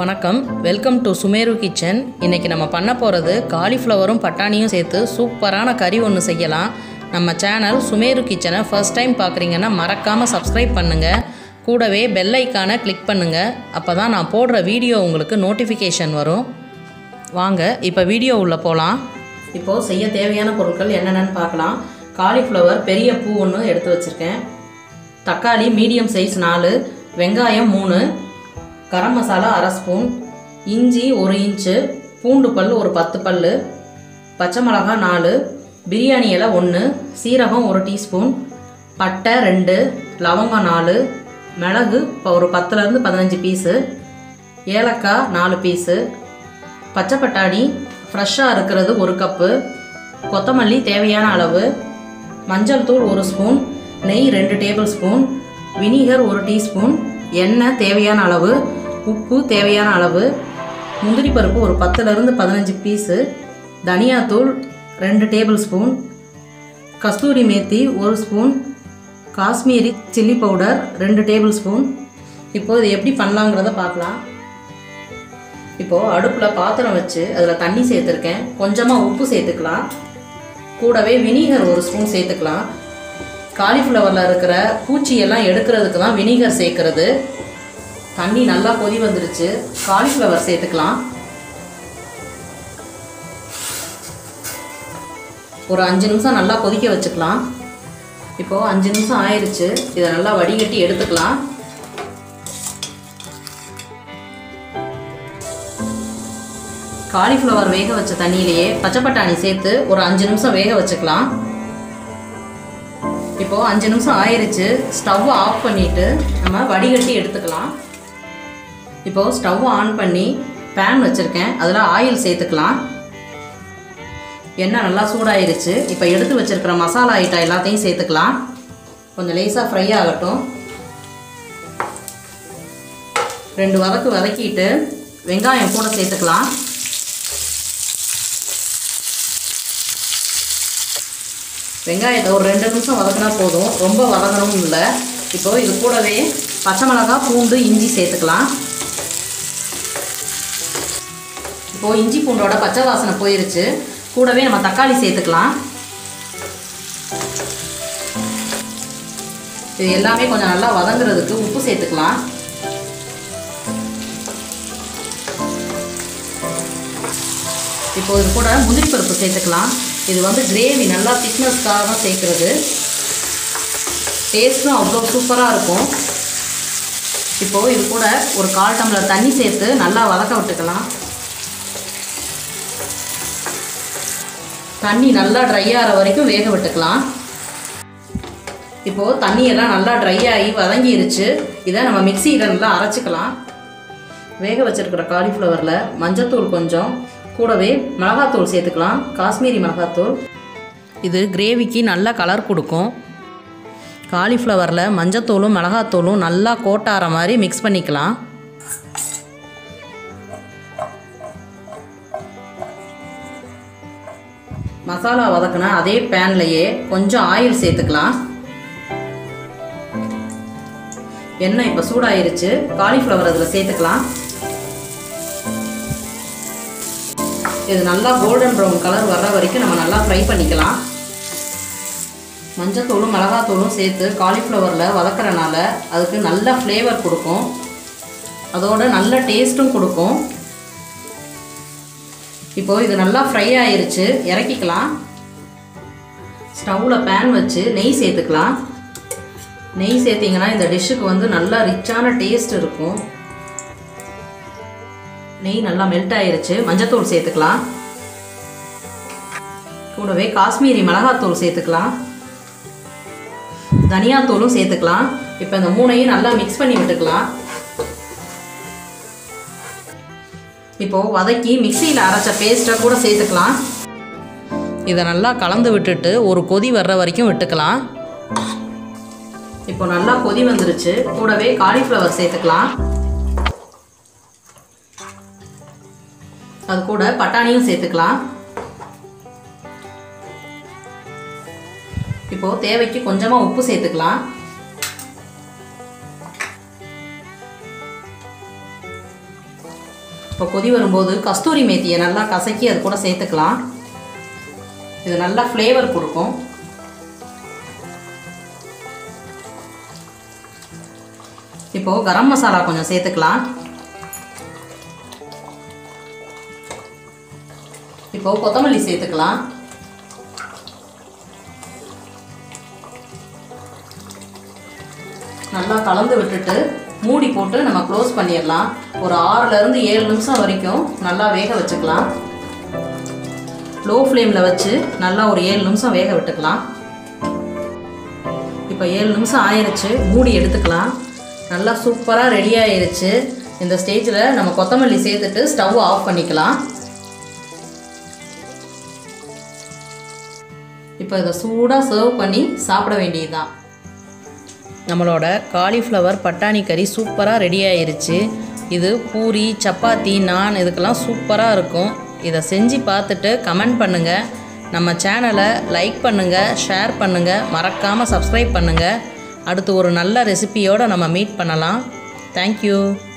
வணக்கம் welcome to Sumeru kitchen இன்றைக்கி நம்ம பண்ண போகிறது காலிஃப்ளவரும் பட்டாணியும் சேர்த்து சூப்பரான கறி ஒன்று செய்யலாம் நம்ம சேனல் சுமேரு கிச்சனை ஃபஸ்ட் டைம் பார்க்குறீங்கன்னா மறக்காமல் சப்ஸ்கிரைப் பண்ணுங்கள் கூடவே பெல் ஐக்கானை கிளிக் பண்ணுங்கள் அப்போ தான் நான் போடுற வீடியோ உங்களுக்கு நோட்டிஃபிகேஷன் வரும் வாங்க இப்போ வீடியோ உள்ளே போகலாம் இப்போது செய்ய தேவையான பொருட்கள் என்னென்னு பார்க்கலாம் காலிஃப்ளவர் பெரிய பூ ஒன்று எடுத்து வச்சுருக்கேன் தக்காளி மீடியம் சைஸ் நாலு வெங்காயம் மூணு கரம் மசாலா அரை ஸ்பூன் இஞ்சி ஒரு இன்ச்சு பூண்டு பல் ஒரு பத்து பல் பச்சை மிளகா நாலு பிரியாணி இலை ஒன்று சீரகம் ஒரு டீஸ்பூன் பட்டை ரெண்டு லவங்கம் நாலு மிளகு இப்போ ஒரு பத்துலேருந்து பதினஞ்சு பீஸு ஏலக்காய் நாலு பீஸு பச்சை பட்டாணி ஃப்ரெஷ்ஷாக இருக்கிறது ஒரு கப்பு கொத்தமல்லி தேவையான அளவு மஞ்சள் தூள் ஒரு ஸ்பூன் நெய் ரெண்டு டேபிள் ஸ்பூன் வினிகர் ஒரு டீஸ்பூன் எண்ணெய் தேவையான அளவு உப்பு தேவையான அளவு முந்திரி பருப்பு ஒரு பத்துலேருந்து பதினஞ்சு பீஸு தனியாத்தூள் ரெண்டு டேபிள் ஸ்பூன் கஸ்தூரி மேத்தி ஒரு ஸ்பூன் காஷ்மீரி சில்லி பவுடர் ரெண்டு டேபிள் ஸ்பூன் இப்போது இது எப்படி பண்ணலாங்கிறத பார்க்கலாம் இப்போது அடுப்பில் பாத்திரம் வச்சு அதில் தண்ணி சேர்த்துருக்கேன் கொஞ்சமாக உப்பு சேர்த்துக்கலாம் கூடவே வினிகர் ஒரு ஸ்பூன் சேர்த்துக்கலாம் காலிஃப்ளவரில் இருக்கிற பூச்சியெல்லாம் எடுக்கிறதுக்கு தான் வினிகர் சேர்க்குறது தண்ணி நல்லா கொதி வந்துருச்சு காலிஃப்ளவர் சேர்த்துக்கலாம் ஒரு அஞ்சு நிமிஷம் நல்லா கொதிக்க வச்சுக்கலாம் இப்போது அஞ்சு நிமிஷம் ஆயிடுச்சு இதை நல்லா வடிகட்டி எடுத்துக்கலாம் காலிஃப்ளவர் வேக வச்ச தண்ணியிலேயே பச்சை பட்டாணி சேர்த்து ஒரு அஞ்சு நிமிஷம் வேக வச்சுக்கலாம் இப்போது அஞ்சு நிமிஷம் ஆயிடுச்சு ஸ்டவ் ஆஃப் பண்ணிவிட்டு நம்ம வடிகட்டி எடுத்துக்கலாம் இப்போது ஸ்டவ் ஆன் பண்ணி பேன் வச்சுருக்கேன் அதில் ஆயில் சேர்த்துக்கலாம் எண்ணெய் நல்லா சூடாயிருச்சு இப்போ எடுத்து வச்சுருக்கிற மசாலா ஐட்டம் எல்லாத்தையும் சேர்த்துக்கலாம் கொஞ்சம் லேசாக ஃப்ரை ஆகட்டும் ரெண்டு வதக்கு வதக்கிட்டு வெங்காயம் கூட சேர்த்துக்கலாம் வெங்காயத்தை ஒரு ரெண்டு நிமிஷம் வதக்கினா போதும் ரொம்ப வதங்கணும் இல்லை இப்போது இது கூடவே பச்சை மிளகா பூண்டு இஞ்சி சேர்த்துக்கலாம் இப்போது இஞ்சி பூண்டோட பச்சை வாசனை போயிருச்சு கூடவே நம்ம தக்காளி சேர்த்துக்கலாம் இது எல்லாமே கொஞ்சம் நல்லா வதங்குறதுக்கு உப்பு சேர்த்துக்கலாம் இப்போ இது கூட முந்திரி பருப்பு சேர்த்துக்கலாம் இது வந்து கிரேவி நல்லா திக்னஸ்க்காக தான் சேர்க்குறது டேஸ்ட்டும் அவ்வளோ சூப்பராக இருக்கும் இப்போது இது கூட ஒரு கால் டம்ளர் தண்ணி சேர்த்து நல்லா வதக்க விட்டுக்கலாம் தண்ணி நல்லா ட்ரை ஆகிற வரைக்கும் வேக விட்டுக்கலாம் இப்போது தண்ணியெல்லாம் நல்லா ட்ரை ஆகி வதங்கிருச்சு இதை நம்ம மிக்சியில் நல்லா அரைச்சிக்கலாம் வேக வச்சுருக்கிற காலிஃப்ளவரில் மஞ்சத்தூள் கொஞ்சம் கூடவே மிளகாத்தூள் சேர்த்துக்கலாம் காஷ்மீரி மிளகாத்தூள் இது கிரேவிக்கு நல்லா கலர் கொடுக்கும் காலிஃப்ளவரில் மஞ்சத்தூளும் மிளகாத்தூளும் நல்லா கோட்டாகிற மாதிரி மிக்ஸ் பண்ணிக்கலாம் மசாலா வதக்கின அதே பேன்லையே கொஞ்சம் ஆயில் சேர்த்துக்கலாம் எண்ணெய் இப்போ சூடாயிருச்சு காலிஃப்ளவர் அதில் சேர்த்துக்கலாம் இது நல்லா கோல்டன் ப்ரௌன் கலர் வர்ற வரைக்கும் நம்ம நல்லா ஃப்ரை பண்ணிக்கலாம் மஞ்சத்தூளும் மிளகாத்தூளும் சேர்த்து காலிஃப்ளவரில் வதக்கிறனால அதுக்கு நல்ல ஃப்ளேவர் கொடுக்கும் அதோட நல்ல டேஸ்ட்டும் கொடுக்கும் இப்போது இது நல்லா ஃப்ரை ஆயிடுச்சு இறக்கிக்கலாம் ஸ்டவ்வில் பேன் வச்சு நெய் சேர்த்துக்கலாம் நெய் சேர்த்திங்கன்னா இந்த டிஷ்ஷுக்கு வந்து நல்லா ரிச்சான டேஸ்ட் இருக்கும் நெய் நல்லா மெல்ட் ஆகிருச்சு மஞ்சத்தூள் சேர்த்துக்கலாம் கூடவே காஷ்மீரி மிளகாத்தூள் சேர்த்துக்கலாம் தனியாத்தூளும் சேர்த்துக்கலாம் இப்போ இந்த மூணையும் நல்லா மிக்ஸ் பண்ணி விட்டுக்கலாம் இப்போது வதக்கி மிக்சியில் அரைச்ச பேஸ்ட்டை கூட சேர்த்துக்கலாம் இதை நல்லா கலந்து விட்டுட்டு ஒரு கொதி வர்ற வரைக்கும் விட்டுக்கலாம் இப்போ நல்லா கொதி வந்துருச்சு கூடவே காலிஃப்ளவர் சேர்த்துக்கலாம் அது கூட பட்டாணியும் சேர்த்துக்கலாம் இப்போது தேவைக்கு கொஞ்சமாக உப்பு சேர்த்துக்கலாம் இப்போ கொதி வரும்போது கஸ்தூரி மேத்தியை நல்லா கசக்கி அது கூட சேர்த்துக்கலாம் இது நல்லா ஃப்ளேவர் கொடுக்கும் இப்போது கரம் மசாலா கொஞ்சம் சேர்த்துக்கலாம் இப்போது கொத்தமல்லி சேர்த்துக்கலாம் நல்லா கலந்து விட்டுட்டு மூடி போட்டு நம்ம க்ளோஸ் பண்ணிடலாம் ஒரு ஆறுலேருந்து ஏழு நிமிஷம் வரைக்கும் நல்லா வேக வச்சுக்கலாம் லோ ஃப்ளேமில் வச்சு நல்லா ஒரு ஏழு நிமிஷம் வேக விட்டுக்கலாம் இப்போ ஏழு நிமிஷம் ஆயிடுச்சு மூடி எடுத்துக்கலாம் நல்லா சூப்பராக ரெடி ஆயிடுச்சு இந்த ஸ்டேஜில் நம்ம கொத்தமல்லி சேர்த்துட்டு ஸ்டவ் ஆஃப் பண்ணிக்கலாம் இப்போ இதை சூடாக சர்வ் பண்ணி சாப்பிட வேண்டியதுதான் நம்மளோட காலிஃப்ளவர் பட்டாணி கறி சூப்பராக ரெடி ஆயிருச்சு இது பூரி சப்பாத்தி நான் இதுக்கெல்லாம் சூப்பராக இருக்கும் இதை செஞ்சு பார்த்துட்டு கமெண்ட் பண்ணுங்கள் நம்ம சேனலை லைக் பண்ணுங்கள் ஷேர் பண்ணுங்கள் மறக்காமல் சப்ஸ்கிரைப் பண்ணுங்கள் அடுத்து ஒரு நல்ல ரெசிபியோடு நம்ம மீட் பண்ணலாம் தேங்க்யூ